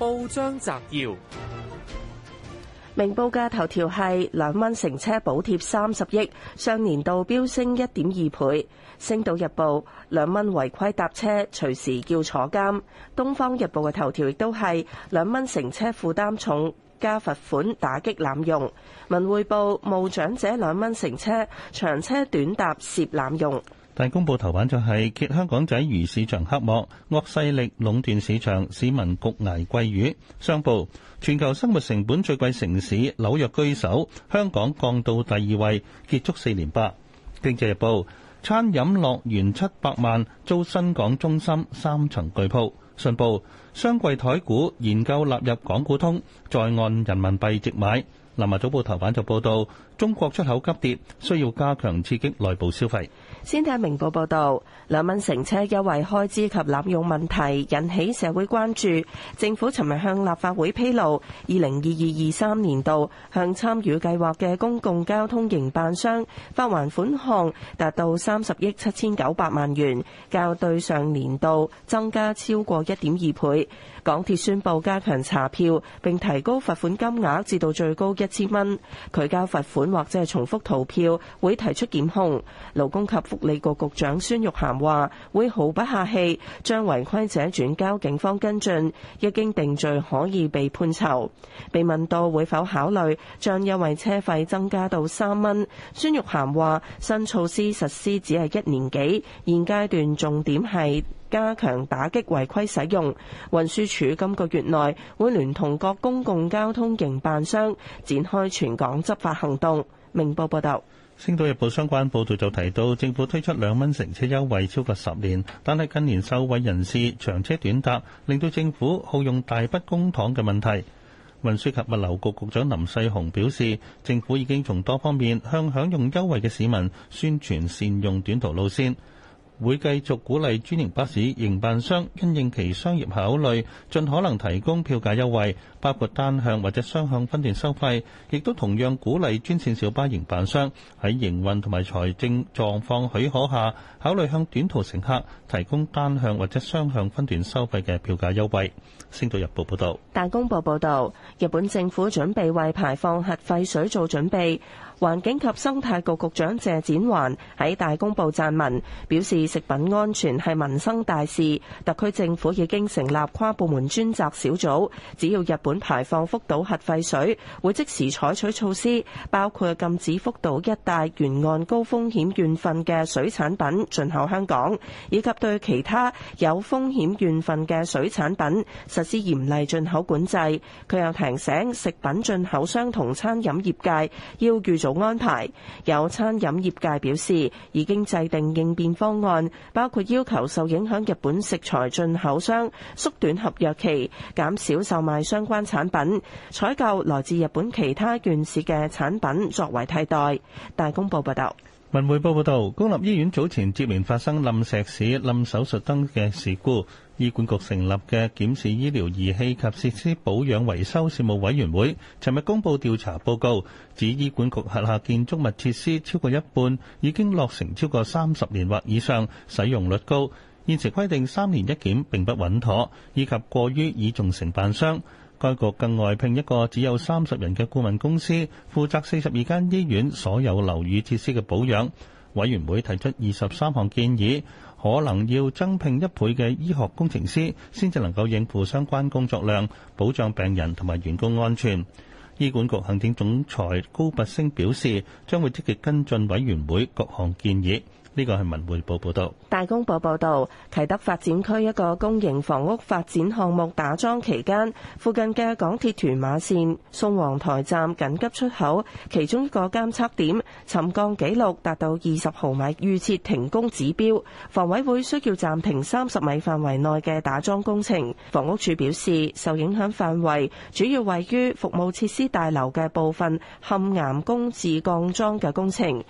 報章摘要：明報嘅頭條係兩蚊乘車補貼三十億，上年度飆升一點二倍。星島日報兩蚊違規搭車隨時叫坐監。東方日報嘅頭條亦都係兩蚊乘車負擔重，加罰款打擊濫用。文匯報，冇長者兩蚊乘車長車短搭涉濫用。但公佈頭版就係，揭香港仔魚市場黑幕，惡勢力壟斷市場，市民焗挨貴魚。商報，全球生活成本最貴城市，紐約居首，香港降到第二位，結束四連八。經濟日報，《南華早報》頭版就報道，中國出口急跌，需要加強刺激內部消費。先睇明報報道，兩蚊乘車優惠開支及濫用問題引起社會關注。政府尋日向立法會披露，二零二二、二三年度向參與計劃嘅公共交通營辦商發還款項達到三十億七千九百萬元，較對上年度增加超過一點二倍。港鐵宣布加強查票，並提高罰款金額至到最高一千蚊，佢交罰款或者係重複逃票，會提出檢控。勞工及福利局局長孫玉菡話：，會毫不客氣將違規者轉交警方跟進，一經定罪可以被判囚。被問到會否考慮將優惠車費增加到三蚊，孫玉菡話：，新措施實施只係一年幾，現階段重點係加強打擊違規使用，運輸署今個月內會聯同各公共交通營辦商展開全港執法行動。明報報道。《星島日報》相關報導就提到，政府推出兩蚊乘車優惠超過十年，但係近年受惠人士長車短搭，令到政府耗用大筆公帑嘅問題。運輸及物流局局長林世雄表示，政府已經從多方面向享用優惠嘅市民宣傳善用短途路線。會繼續鼓勵專營巴士營辦商因應其商業考慮，盡可能提供票價優惠，包括單向或者雙向分段收費。亦都同樣鼓勵專線小巴營辦商喺營運同埋財政狀況許可下，考慮向短途乘客提供單向或者雙向分段收費嘅票價優惠。星島日報報道。大公報報道，日本政府準備為排放核廢水做準備。環境及生態局局長謝展寰喺大公報撰文，表示食品安全係民生大事，特區政府已經成立跨部門專責小組。只要日本排放福島核廢水，會即時採取措施，包括禁止福島一帶沿岸高風險縣份嘅水產品進口香港，以及對其他有風險縣份嘅水產品實施嚴厲進口管制。佢又提醒食品進口商同餐飲業界要預早安排，有餐飲業界表示已經制定應變方案，包括要求受影響日本食材進口商縮短合約期，減少售賣相關產品，採購來自日本其他縣市嘅產品作為替代。大公報報道。文匯報報道，公立醫院早前接連發生冧石屎、冧手術燈嘅事故。醫管局成立嘅檢視醫療儀器及設施保養維修事務委員會，尋日公布調查報告，指醫管局轄下建築物設施超過一半已經落成超過三十年或以上，使用率高，現時規定三年一檢並不穩妥，以及過於倚重承辦商。該局更外聘一個只有三十人嘅顧問公司，負責四十二間醫院所有樓宇設施嘅保養。委員會提出二十三項建議。可能要增聘一倍嘅醫學工程師，先至能夠應付相關工作量，保障病人同埋員工安全。醫管局行政總裁高拔昇表示，將會積極跟進委員會各項建議。呢、這個係文匯報報導，大公報報導，啟德發展區一個公營房屋發展項目打樁期間，附近嘅港鐵屯馬線宋皇台站緊急出口其中一個監測點沉降記錄達到二十毫米，預設停工指標，房委會需要暫停三十米範圍內嘅打樁工程。房屋署表示，受影響範圍主要位於服務設施大樓嘅部分嵌岩工字鋼樁嘅工程。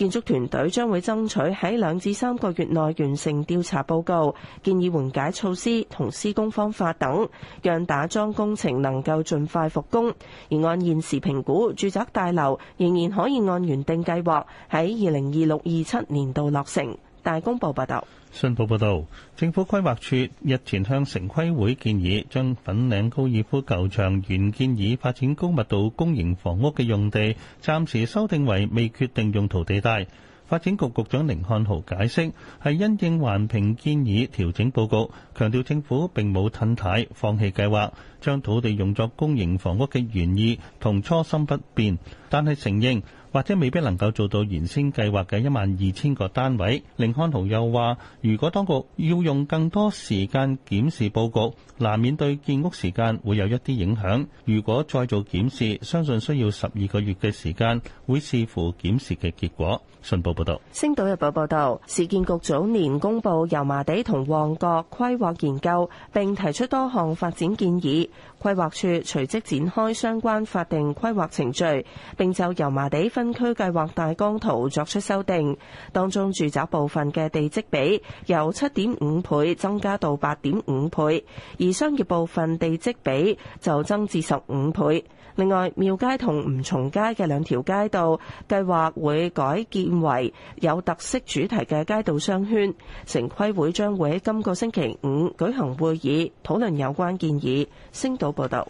建築團隊將會爭取喺兩至三個月內完成調查報告，建議緩解措施同施工方法等，讓打樁工程能夠盡快復工。而按現時評估，住宅大樓仍然可以按原定計劃喺二零二六、二七年度落成。大公報報道。信報報導，政府規劃處日前向城規會建議，將粉嶺高爾夫球場原建議發展高密度公營房屋嘅用地，暫時修訂為未決定用途地帶。發展局局長甯漢豪解釋，係因應環評建議調整報告，強調政府並冇褪軚放棄計劃。將土地用作公營房屋嘅原意同初心不變，但係承認或者未必能夠做到原先計劃嘅一萬二千個單位。甯漢豪又話，如果當局要用更多時間檢視佈局，難免對建屋時間會有一啲影響。如果再做檢視，相信需要十二個月嘅時間，會視乎檢視嘅結果。信報報導。《星島日報》報導，市建局早年公布油麻地同旺角規劃研究，並提出多項發展建議。規劃處隨即展開相關法定規劃程序，並就油麻地分區計劃大綱圖作出修訂，當中住宅部分嘅地積比由七點五倍增加到八點五倍，而商業部分地積比就增至十五倍。另外，廟街同吳松街嘅兩條街道，計劃會改建為有特色主題嘅街道商圈，城規會將會喺今個星期五舉行會議，討論有關建議。星島報道。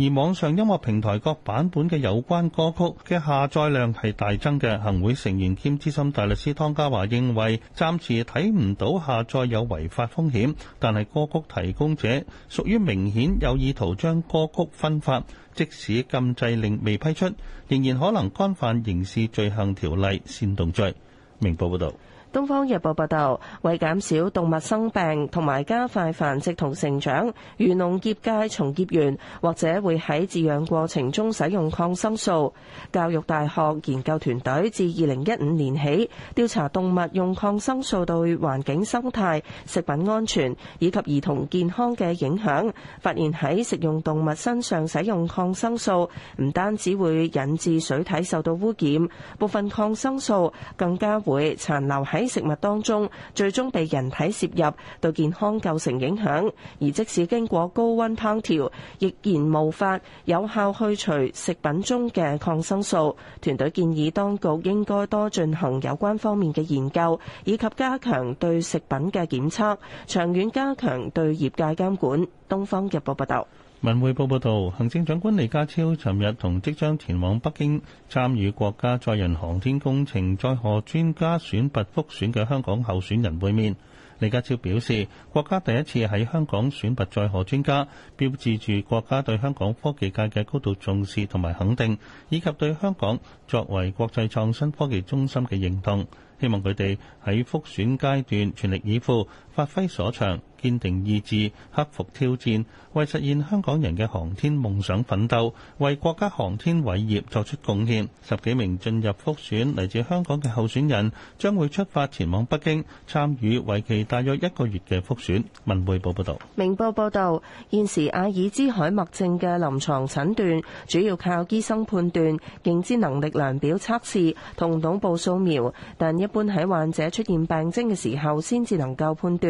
而網上音樂平台各版本嘅有關歌曲嘅下載量係大增嘅。行會成員兼資深大律師湯家驊認為，暫時睇唔到下載有違法風險，但係歌曲提供者屬於明顯有意圖將歌曲分發，即使禁制令未批出，仍然可能干犯刑事罪行條例煽動罪。明報報道。《東方日報》報道，為減少動物生病同埋加快繁殖同成長，漁農業界從業員或者會喺飼養過程中使用抗生素。教育大學研究團隊自二零一五年起調查動物用抗生素對環境生態、食品安全以及兒童健康嘅影響，發現喺食用動物身上使用抗生素，唔單止會引致水體受到污染，部分抗生素更加會殘留喺喺食物當中，最終被人體攝入，對健康構成影響。而即使經過高溫烹調，亦然無法有效去除食品中嘅抗生素。團隊建議當局應該多進行有關方面嘅研究，以及加強對食品嘅檢測，長遠加強對業界監管。東方日報報道。文匯報報道，行政長官李家超尋日同即將前往北京參與國家載人航天工程載荷專家選拔複選嘅香港候選人會面。李家超表示，國家第一次喺香港選拔載荷專家，標誌住國家對香港科技界嘅高度重視同埋肯定，以及對香港作為國際創新科技中心嘅認同。希望佢哋喺複選階段全力以赴。發揮所長，堅定意志，克服挑戰，為實現香港人嘅航天夢想奮鬥，為國家航天偉業作出貢獻。十幾名進入複選嚟自香港嘅候選人將會出發前往北京，參與為期大約一個月嘅複選。文匯報報道。明報報道，現時阿爾茲海默症嘅臨床診斷主要靠醫生判斷、認知能力量表測試同腦部掃描，但一般喺患者出現病徵嘅時候先至能夠判斷。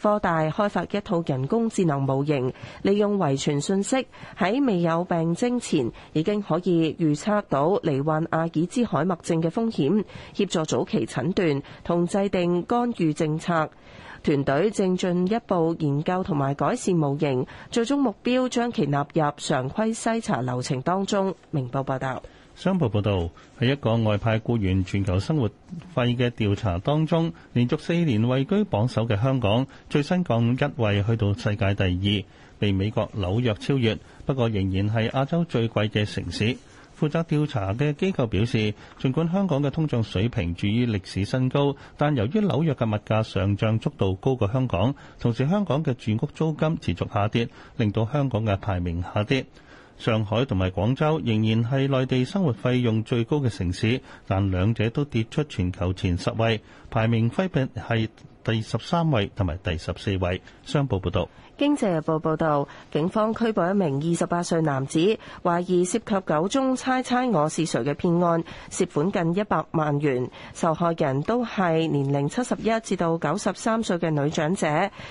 科大開發一套人工智能模型，利用遺傳信息，喺未有病徵前已經可以預測到罹患阿爾茲海默症嘅風險，協助早期診斷，同制定干預政策。團隊正進一步研究同埋改善模型，最終目標將其納入常規篩查流程當中。明報報道。商報報導，喺一個外派僱員全球生活費嘅調查當中，連續四年位居榜首嘅香港，最新降一位去到世界第二，被美國紐約超越。不過，仍然係亞洲最貴嘅城市。負責調查嘅機構表示，儘管香港嘅通脹水平處於歷史新高，但由於紐約嘅物價上漲速度高過香港，同時香港嘅住屋租金持續下跌，令到香港嘅排名下跌。上海同埋廣州仍然係內地生活費用最高嘅城市，但兩者都跌出全球前十位，排名分別係第十三位同埋第十四位。商報報導。經濟日報報道，警方拘捕一名二十八歲男子，懷疑涉及九宗猜猜我是誰嘅騙案，涉款近一百萬元，受害人都係年齡七十一至到九十三歲嘅女長者。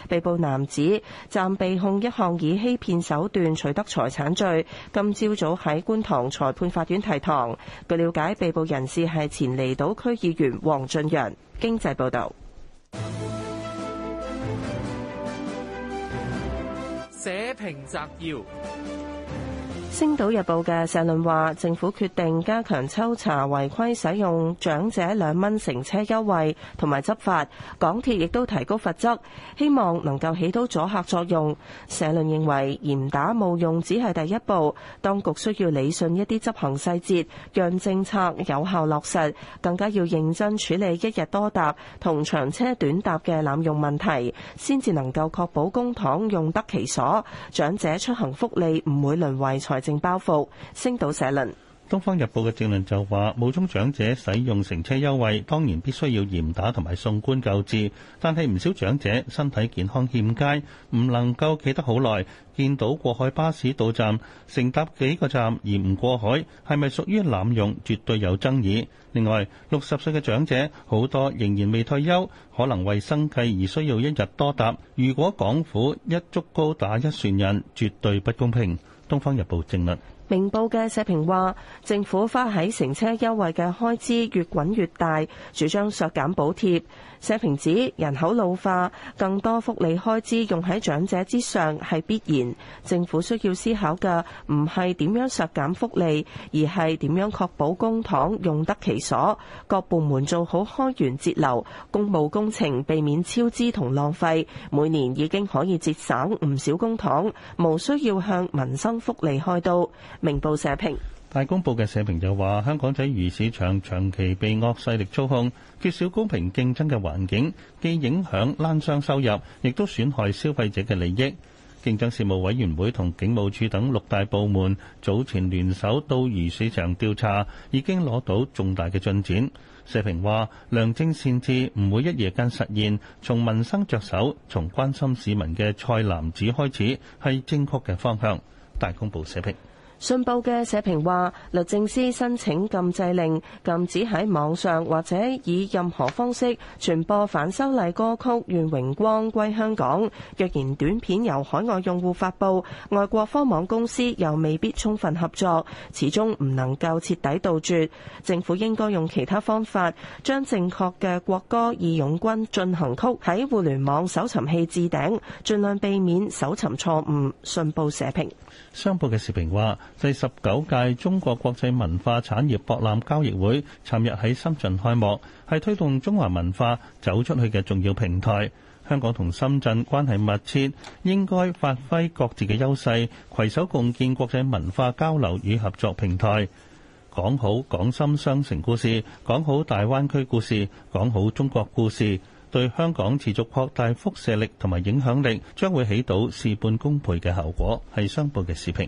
被捕男子暫被控一項以欺騙手段取得財產罪，今朝早喺觀塘裁判法院提堂。據了解，被捕人士係前離島區議員黃俊陽。經濟報道。報章摘要。《星島日報》嘅社論話，政府決定加強抽查違規使用長者兩蚊乘車優惠同埋執法，港鐵亦都提高罰則，希望能夠起到阻嚇作用。社論認為嚴打冒用只係第一步，當局需要理順一啲執行細節，讓政策有效落實，更加要認真處理一日多搭同長車短搭嘅濫用問題，先至能夠確保公帑用得其所，長者出行福利唔會淪為財正包袱，星島社論。《東方日報》嘅評論就話：冒充長者使用乘車優惠，當然必須要嚴打同埋送官究治。但係唔少長者身體健康欠佳，唔能夠企得好耐，見到過海巴士到站，乘搭幾個站而唔過海，係咪屬於濫用？絕對有爭議。另外，六十歲嘅長者好多仍然未退休，可能為生計而需要一日多搭。如果港府一竹篙打一船人，絕對不公平。東方日報政論。明報嘅社評話，政府花喺乘車優惠嘅開支越滾越大，主張削減補貼。社評指人口老化，更多福利開支用喺長者之上係必然。政府需要思考嘅唔係點樣削減福利，而係點樣確保公帑用得其所。各部門做好開源節流，公務工程避免超支同浪費，每年已經可以節省唔少公帑，無需要向民生福利開刀。明報社評。大公報嘅社評就話：香港仔魚市場長期被惡勢力操控，缺少公平競爭嘅環境，既影響欄商收入，亦都損害消費者嘅利益。競爭事務委員會同警務處等六大部門早前聯手到魚市場調查，已經攞到重大嘅進展。社評話：良政善治唔會一夜間實現，從民生着手，從關心市民嘅菜籃子開始，係正確嘅方向。大公報社評。信報嘅社評話，律政司申請禁制令，禁止喺網上或者以任何方式傳播反修例歌曲《願榮光歸香港》。若然短片由海外用戶發布，外國科網公司又未必充分合作，始終唔能夠徹底杜絕。政府應該用其他方法，將正確嘅國歌《義勇軍進行曲》喺互聯網搜尋器置頂，盡量避免搜尋錯誤。信報社評，商報嘅第十九屆中國國際文化產業博覽交易會尋日喺深圳開幕，係推動中華文化走出去嘅重要平台。香港同深圳關係密切，應該發揮各自嘅優勢，攜手共建國際文化交流與合作平台，講好港深雙城故事，講好大灣區故事，講好中國故事，對香港持續擴大輻射力同埋影響力，將會起到事半功倍嘅效果。係商報嘅視頻。